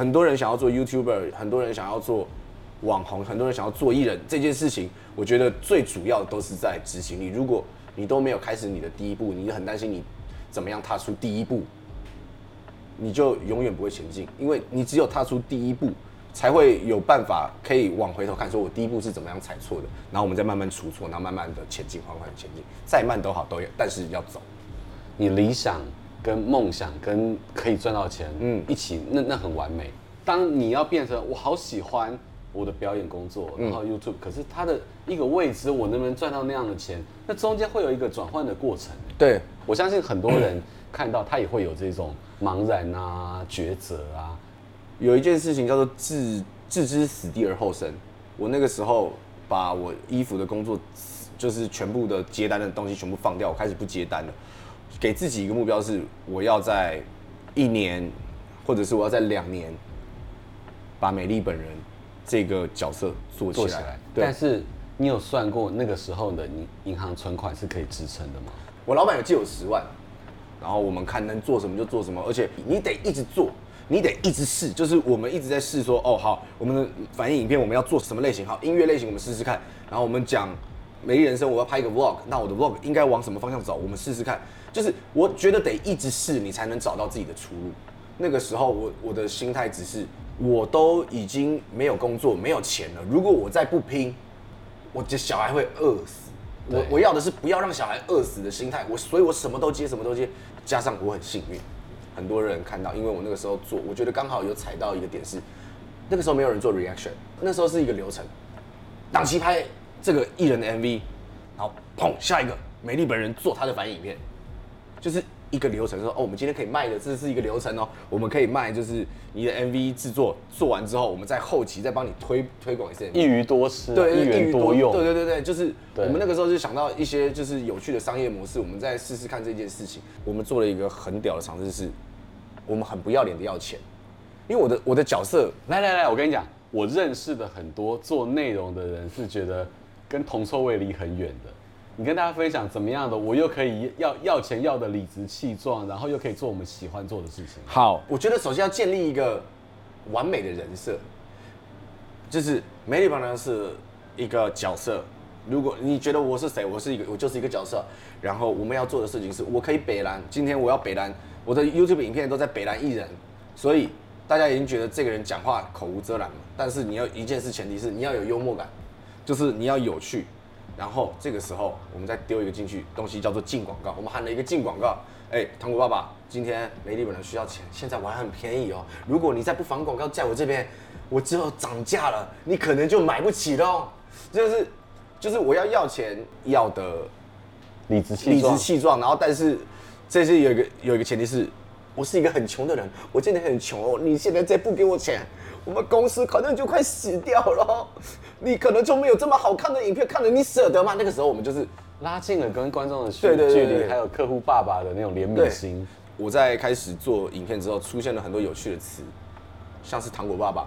很多人想要做 YouTuber，很多人想要做網紅，很多人想要做藝人。這件事情，我覺得最主要都是在執行力。如果你都沒有開始你的第一步，你很擔心你怎麼樣踏出第一步，你就永遠不會前進。因為你只有踏出第一步，才會有辦法可以往回頭看，說我第一步是怎麼樣踩錯的，然後我們再慢慢除錯，然後慢慢的前進，緩緩前進，再慢都好，都有。但是要走。你理想。跟夢想跟可以賺到錢，嗯，一起，那那很完美。當你要變成我好喜歡我的表演工作，然後 YouTube，嗯、可是它的一個未知，我能不能賺到那樣的錢？那中間會有一個轉換的過程。對，我相信很多人看到他也會有這種茫然啊、抉擇啊。有一件事情叫做置置之死地而後生。我那個時候把我衣服的工作，就是全部的接單的東西全部放掉，我開始不接單了。給自己一個目標是，我要在一年，或者是我要在兩年，把美麗本人這個角色做起來。對，但是你有算過那個時候的你銀行存款是可以支撐的嗎？我老板有借我十萬，然後我們看能做什麼就做什麼，而且你得一直做，你得一直試。就是我們一直在試說，哦好，我們的反應影片我們要做什麼類型？好，音樂類型我們試試看。然後我們講美麗人生，我要拍一個 vlog，那我的 vlog 應該往什麼方向走？我們試試看。就是我覺得得一直試，你才能找到自己的出路。那個時候我我的心態只是我都已經沒有工作沒有錢了，如果我再不拼，我這小孩會餓死。我我要的是不要讓小孩餓死的心態。我所以我什麼都接什麼都接，加上我很幸運，很多人看到，因為我那個時候做，我覺得剛好有踩到一個點是，那個時候沒有人做 reaction，那時候是一個流程，檔期拍這個藝人的 MV，然後砰下一個美麗本人做他的反應影片。就是一個流程，說哦，我們今天可以賣的，這是一個流程哦，我們可以賣，就是你的 MV 製作做完之後，我們在後期再幫你推推廣一些，一魚多吃。啊，對，一魚多用，對對對對，就是我們那個時候就想到一些就是有趣的商業模式，我們再試試看這件事情。我們做了一個很屌的嘗試，是我們很不要臉的要錢，因為我的我的角色，來來來，我跟你講，我認識的很多做內容的人是覺得跟銅臭味離很遠的。你跟大家分享怎麼樣的，我又可以要要錢要得理直氣壯，然後又可以做我們喜歡做的事情。好，我覺得首先要建立一個完美的人設，就是美麗本人是一個角色。如果你覺得我是誰，我是一個，我就是一個角色。然後我們要做的事情是我可以北爛，今天我要北爛，我的 YouTube 影片都在北爛藝人，所以大家已經覺得這個人講話口無遮攔了。但是你要一件事，前提是你要有幽默感，就是你要有趣。然後這個時候，我們再丟一個進去，東西叫做進廣告。我們喊了一個進廣告，哎、欸，糖果爸爸，今天美麗本人需要錢，現在我還很便宜哦。如果你再不防廣告在我這邊，我之後漲價了，你可能就買不起了。就是，就是我要要錢要的，理直理直氣壯。然後，但是這是有一個有一個前提是，是我是一個很窮的人，我真的很窮哦。你現在再不給我錢。我們公司可能就快死掉了，你可能就沒有這麼好看的影片看了，你捨得嗎？那個時候我們就是拉近了跟觀眾的距距離，還有客戶爸爸的那種憐憫心。我在開始做影片之後，出現了很多有趣的詞，像是糖果爸爸，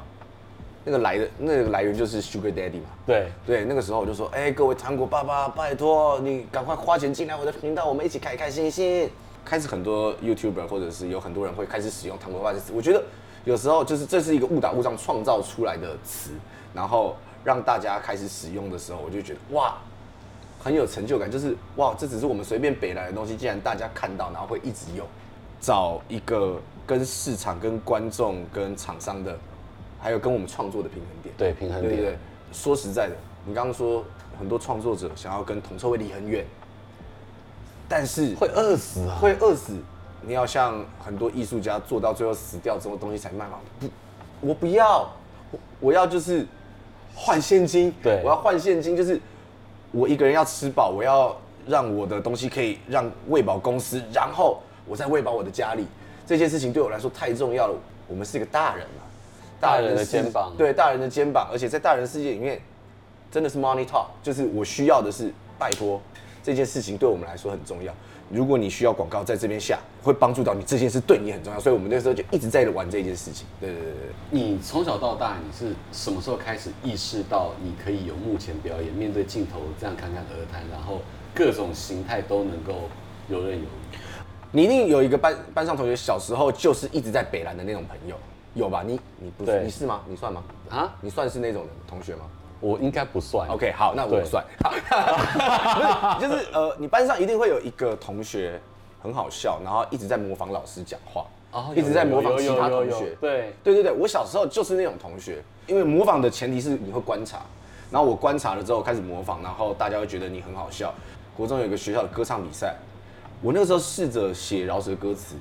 那個來的那個來源就是 Sugar Daddy 嘛。對對，那個時候我就說，哎，各位糖果爸爸，拜託你趕快花錢進來我的頻道，我們一起開開心心。開始很多 YouTuber 或者是有很多人會開始使用糖果爸爸的詞，我覺得。有時候就是這是一個誤打誤撞創造出來的詞，然後讓大家開始使用的時候，我就覺得哇，很有成就感。就是哇，這只是我們隨便北來的東西，竟然大家看到，然後會一直用。找一個跟市場、跟觀眾、跟廠商的，還有跟我們創作的平衡點。對，平衡點。對對對。說實在的，你剛剛說很多創作者想要跟同社會離很遠，但是會餓死，會餓死。你要像很多藝術家做到最後死掉之後，這種東西才賣嗎？不，我不要，我，我要就是換現金。對，我要換現金，就是我一個人要吃飽，我要讓我的東西可以讓餵飽公司，然後我再餵飽我的家裡。這件事情對我來說太重要了。我們是一個大人嘛，大人的，大人的肩膀，對，大人的肩膀。而且在大人世界裡面，真的是 money talk，就是我需要的是拜託。這件事情對我們來說很重要。如果你需要廣告在這邊下，會幫助到你。這件事對你很重要，所以我們那時候就一直在玩這件事情。對對對，對，你從小到大，你是什麼時候開始意識到你可以有幕前表演、面對鏡頭這樣侃侃而談，然後各種形態都能夠游刃有餘？你一定有一個班班上同學，小時候就是一直在北蘭的那種朋友，有吧？你你不是對你是嗎？你算嗎？啊，你算是那種同學嗎？我應該不算。OK，好，那我算。不是，就是呃，你班上一定會有一個同學很好笑，然後一直在模仿老師講話，一直在模仿其他同學。對，對對對，我小時候就是那種同學。因為模仿的前提是你會觀察，然後我觀察了之後開始模仿，然後大家會覺得你很好笑。國中有一個學校的歌唱比賽，我那個時候試着寫饒舌歌詞，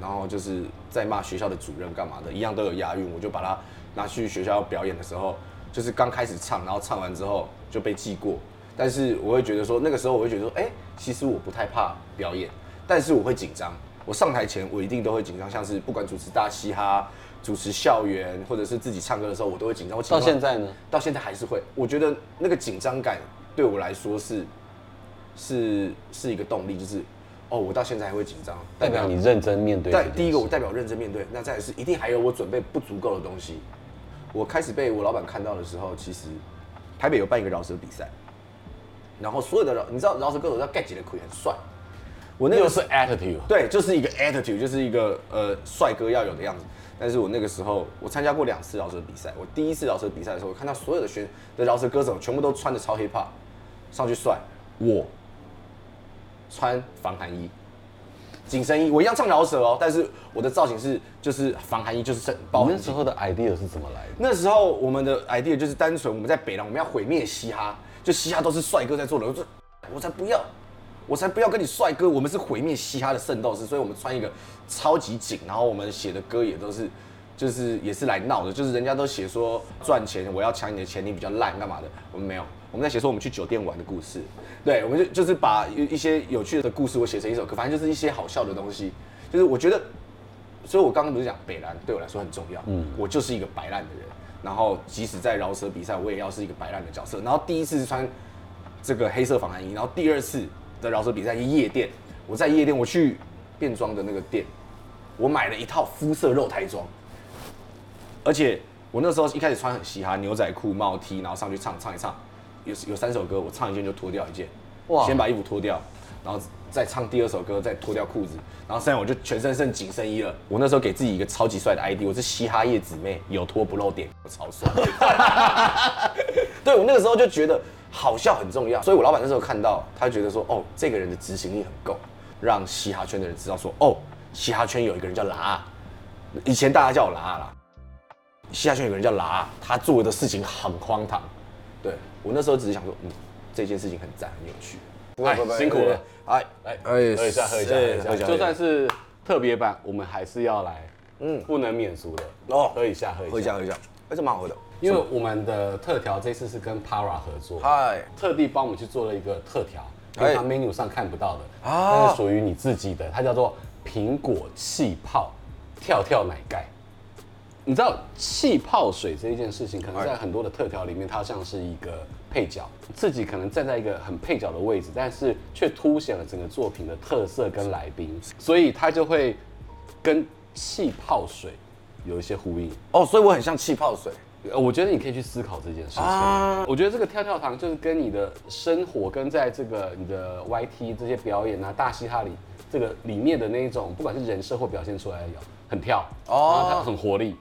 然後就是在罵學校的主任幹嘛的，一樣都有押韻，我就把它拿去學校表演的時候。就是剛開始唱，然後唱完之後就被記過。但是我會覺得說，那個時候我會覺得說，哎、欸，其實我不太怕表演，但是我會緊張。我上台前我一定都會緊張，像是不管主持大嘻哈，主持校園，或者是自己唱歌的時候，我都會緊張。我緊張到現在呢？到現在還是會。我覺得那個緊張感對我來說是是是一個動力，就是哦，我到現在還會緊張，代表你認真面對。對，第一個我代表我認真面對，那再來是一定還有我準備不足夠的東西。我開始被我老板看到的時候，其實台北有辦一個饒舌比賽，然後所有的饒，你知道饒舌歌手要蓋幾的盔很帥，我那個是 attitude，對，就是一個 attitude，就是一個呃帥哥要有的樣子。但是我那個時候我參加過兩次饒舌比賽，我第一次饒舌比賽的時候，我看到所有的學的饒舌歌手全部都穿的超 hiphop 上去帥，我穿防寒衣。緊身衣，我一樣唱饒舌哦、喔，但是我的造型是就是防寒衣，就是正保。那時候的 idea 是怎麼來的？那時候我們的 idea 就是單純我們在北浪，我們要毀滅嘻哈，就嘻哈都是帥哥在做的，我說我才不要，我才不要跟你帥哥，我們是毀滅嘻哈的聖鬥士，所以我們穿一個超級緊，然後我們寫的歌也都是就是也是來鬧的，就是人家都寫說賺錢，我要搶你的錢，你比較爛幹嘛的，我們沒有。我們在寫說我們去酒店玩的故事，對，我們就就是把一些有趣的故事我寫成一首歌，反正就是一些好笑的東西。就是我覺得，所以我剛剛不是講白爛對我來說很重要，嗯，我就是一個白爛的人。然後即使在饒舌比賽，我也要是一個白爛的角色。然後第一次穿這個黑色防寒衣，然後第二次在饒舌比賽，夜店，我在夜店，我去變裝的那個店，我買了一套膚色肉台妝，而且我那時候一開始穿很嘻哈，牛仔褲、帽 T，然後上去唱唱一唱。有有三首歌，我唱一件就脫掉一件，哇！Wow. 先把衣服脫掉，然後再唱第二首歌，再脫掉褲子，然後現在我就全身剩緊身衣了。我那時候給自己一個超級帥的 ID，我是嘻哈葉姊妹，有脫不露點，我超帥。 對，我那個時候就覺得好笑很重要，所以我老板那時候看到，他覺得說，哦，這個人的執行力很夠，讓嘻哈圈的人知道說，哦，嘻哈圈有一個人叫拉，以前大家叫我拉拉，嘻哈圈有個人叫拉，他做的事情很荒唐，對。我那時候只是想說，嗯，這件事情很讚，很有趣。辛苦了。哎，來，喝一下，喝一下，喝一下。就算是特別版，我們還是要來，嗯，不能免俗的。哦，喝一下，喝一下，喝一下。哎，這蠻好喝的。因為我們的特調這次是跟 Para 合作，嗨，特地幫我們去做了一個特調，因為他 menu 上看不到的，它是屬於你自己的。它叫做蘋果氣泡跳跳奶蓋。你知道氣泡水這一件事情，可能在很多的特調裡面，它像是一個配角，自己可能站在一個很配角的位置，但是卻凸顯了整個作品的特色跟來賓，所以它就會跟氣泡水有一些呼應。哦，oh, 所以我很像氣泡水。呃，我覺得你可以去思考這件事情。啊、uh，我覺得這個跳跳糖就是跟你的生活，跟在這個你的 YT 這些表演啊、大嘻哈裡這個裡面的那一種，不管是人設或表現出來的，很跳，哦、oh，然後它很活力。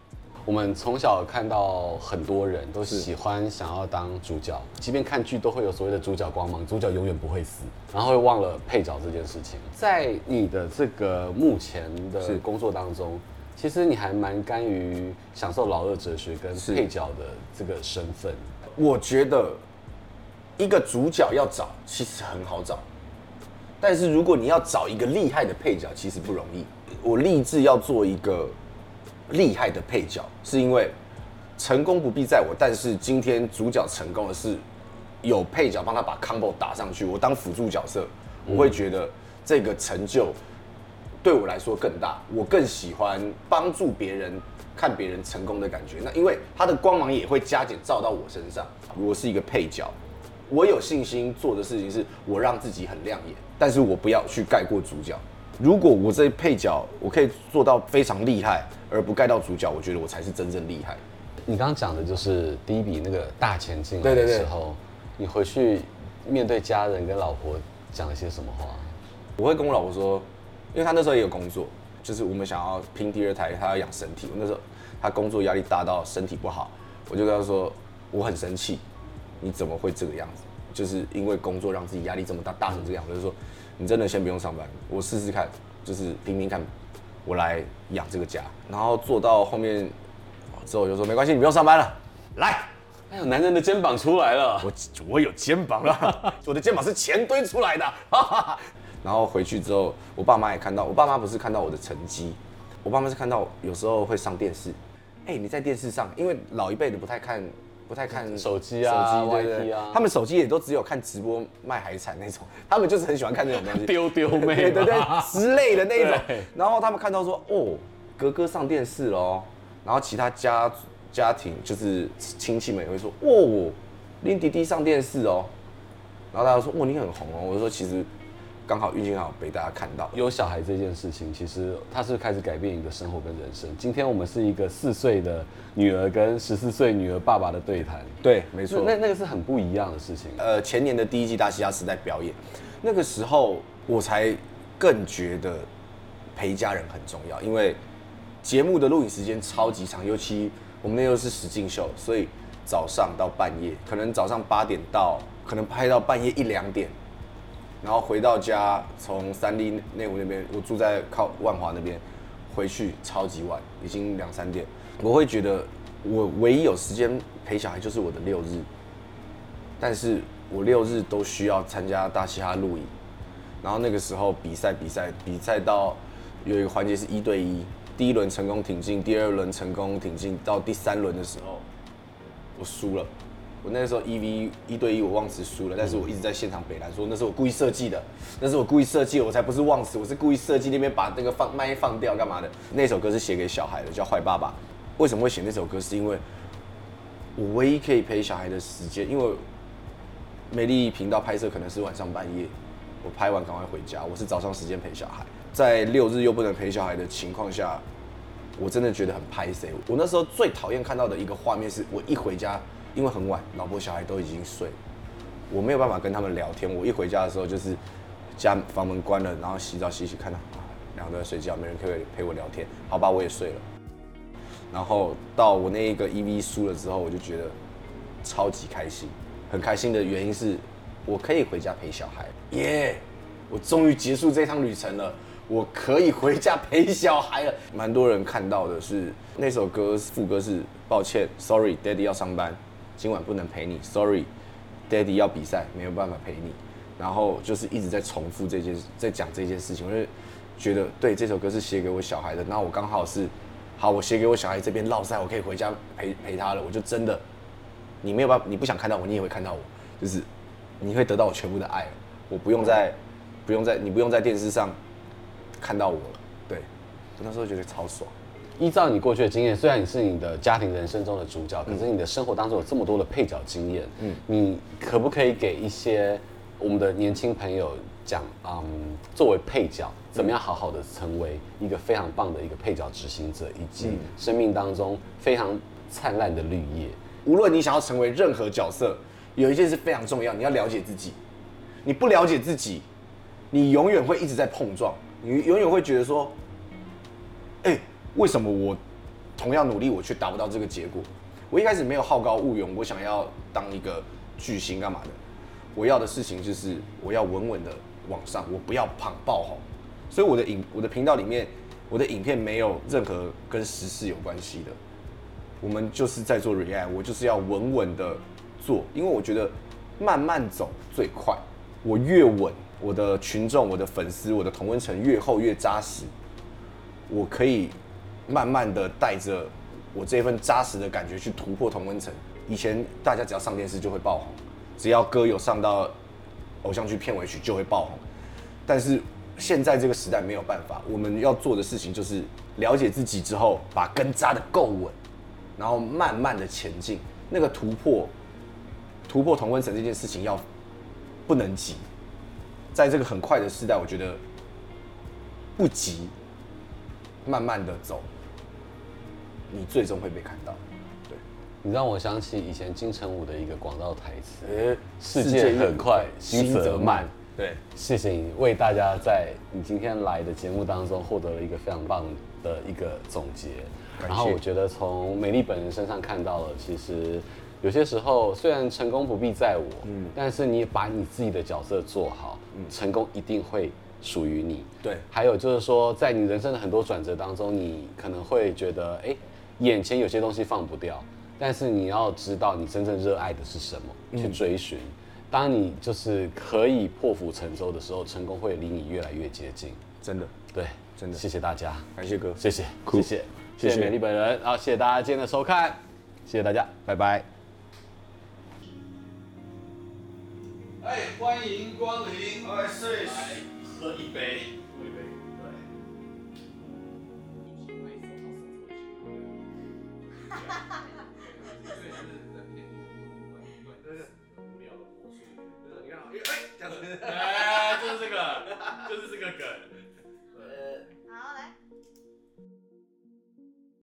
我們從小看到很多人都喜歡想要當主角，是即便看劇都會有所謂的主角光芒，主角永遠不會死，然後會忘了配角這件事情。在你的這個目前的工作當中，是其實你還蠻甘於享受老二哲學跟配角的這個身份。是我覺得一個主角要找其實很好找，但是如果你要找一個厲害的配角，其實不容易。我立志要做一個，厲害的配角，是因為成功不必在我，但是今天主角成功了，是有配角幫他把 combo 打上去，我當輔助角色，我會覺得這個成就對我來說更大。我更喜歡幫助別人、看別人成功的感覺。那因為他的光芒也會加減照到我身上。如果是一個配角，我有信心做的事情是我讓自己很亮眼，但是我不要去蓋過主角。如果我這配角我可以做到非常厲害而不蓋到主角，我覺得我才是真正厲害。你剛剛講的就是第一筆那個大錢進來的時候，對對對，你回去面對家人跟老婆講了些什麼話？我會跟我老婆說，因為他那時候也有工作，就是我們想要拼第二胎，他要養身體。我那時候他工作壓力大到身體不好，我就跟他說我很生氣，你怎麼會這個樣子？就是因為工作讓自己壓力這麼大，大成這樣，嗯、我就說。你真的先不用上班，我試試看，就是拼拼看，我來養這個家，然後做到後面之後我就說沒關係，你不用上班了，來，哎呦，男人的肩膀出來了，我我有肩膀了， 我的肩膀是錢堆出來的， 然後回去之後，我爸媽也看到，我爸媽不是看到我的成績，我爸媽是看到有時候會上電視，哎、欸，你在電視上，因為老一輩的不太看。不太看手機啊，對。對啊，他們手機也都只有看直播賣海產那種，他們就是很喜歡看那種東西，丟丟 妹 對對之類的那一種。對然後他們看到說哦，哥哥上電視哦，然後其他家家庭就是親戚們也會說哦，林迪迪上電視哦，然後大家說哇、哦、你很紅哦，我就說其實。剛好遇見好被大家看到有小孩這件事情，其實他是開始改變一個生活跟人生。今天我們是一個四歲的女兒跟十四歲女兒爸爸的對談沒錯，對，沒錯，那那個是很不一樣的事情。呃，前年的第一季《大西洋時代》表演，那個時候我才更覺得陪家人很重要，因為節目的錄影時間超級長，尤其我們那又是實境秀，所以早上到半夜，可能早上八點到，可能拍到半夜一兩點。然後回到家，從三立內湖那邊，我住在靠萬華那邊，回去超級晚，已經兩三點。我會覺得，我唯一有時間陪小孩就是我的六日，但是我六日都需要參加大嘻哈錄影。然後那個時候比賽比賽比賽到有一個環節是一對一，第一輪成功挺進，第二輪成功挺進，到第三輪的時候，我輸了。我那時候 EV 一對一，我忘詞輸了，但是我一直在現場北蘭說那是我故意設計的，那是我故意設計，我才不是忘詞，我是故意設計那邊把那個放麥放掉幹嘛的。那首歌是寫給小孩的，叫《壞爸爸》。為什麼會寫那首歌？是因為我唯一可以陪小孩的時間，因為美麗頻道拍攝可能是晚上半夜，我拍完趕快回家。我是早上時間陪小孩，在六日又不能陪小孩的情況下，我真的覺得很拍謝。我那時候最討厭看到的一個畫面是我一回家，因為很晚，老婆小孩都已經睡了，我沒有辦法跟他們聊天。我一回家的時候，就是家房門關了，然後洗澡洗洗，看到啊，兩個都在睡覺，沒人可以陪我聊天。好吧，我也睡了。然後到我那一個 EV 輸了之後，我就覺得超級開心，很開心的原因是，我可以回家陪小孩。耶！Yeah！我終於結束這趟旅程了，我可以回家陪小孩了。蠻多人看到的是那首歌副歌是：抱歉，Sorry，Daddy 要上班。今晚不能陪你，Sorry，Daddy 要比賽，沒有辦法陪你。然後就是一直在重複這件事，在講這件事情，我就覺得對這首歌是寫給我小孩的。那我剛好是好，我寫給我小孩這邊落賽，我可以回家陪陪他了。我就真的，你沒有辦法，你不想看到我，你也會看到我，就是你會得到我全部的愛。我不用再，不用再，你不用在電視上看到我了。對，那時候我覺得超爽。依照你過去的經驗，雖然你是你的家庭人生中的主角，可是你的生活當中有這麼多的配角經驗，嗯，你可不可以給一些我們的年輕朋友講，嗯，作為配角，怎麼樣好好的成為一個非常棒的一個配角執行者，以及生命當中非常燦爛的綠葉？無論你想要成為任何角色，有一件事非常重要，你要了解自己。你不了解自己，你永遠會一直在碰撞，你永遠會覺得說，哎、欸。為什麼我同樣努力，我卻達不到這個結果？我一開始沒有好高騖遠，我想要當一個巨星幹嘛的？我要的事情就是我要穩穩的往上，我不要捧爆紅。所以我的影我的頻道裡面，我的影片沒有任何跟時事有關係的。我們就是在做 React，我就是要穩穩的做，因為我覺得慢慢走最快。我越穩，我的群眾、我的粉絲、我的同溫層越厚越扎實，我可以。慢慢的帶着我這份扎實的感覺去突破同溫層。以前大家只要上電視就會爆紅，只要歌有上到偶像劇片尾曲就會爆紅。但是現在這個時代沒有辦法，我們要做的事情就是了解自己之後，把根扎得夠穩，然後慢慢的前進。那個突破突破同溫層這件事情要不能急，在這個很快的時代，我覺得不急，慢慢的走。你最終會被看到，對。你讓我想起以前金城武的一個廣告台詞，欸，世界很快，心則慢。對，謝謝你為大家在你今天來的節目當中獲得了一個非常棒的一個總結。而且，然後我覺得從美麗本人身上看到了，其實有些時候雖然成功不必在我，嗯，但是你把你自己的角色做好，嗯，成功一定會屬於你。對。還有就是說，在你人生的很多轉折當中，你可能會覺得，哎，欸。眼前有些東西放不掉，但是你要知道你真正熱愛的是什麼，去追尋。嗯，當你就是可以破釜沉舟的時候，成功會離你越來越接近。真的，對，真的，謝謝大家，感謝哥，謝謝，Cool 謝謝，謝謝美麗本人，然後謝謝大家今天的收看，謝謝大家，拜拜。哎，hey, 歡迎光臨，來喝一杯。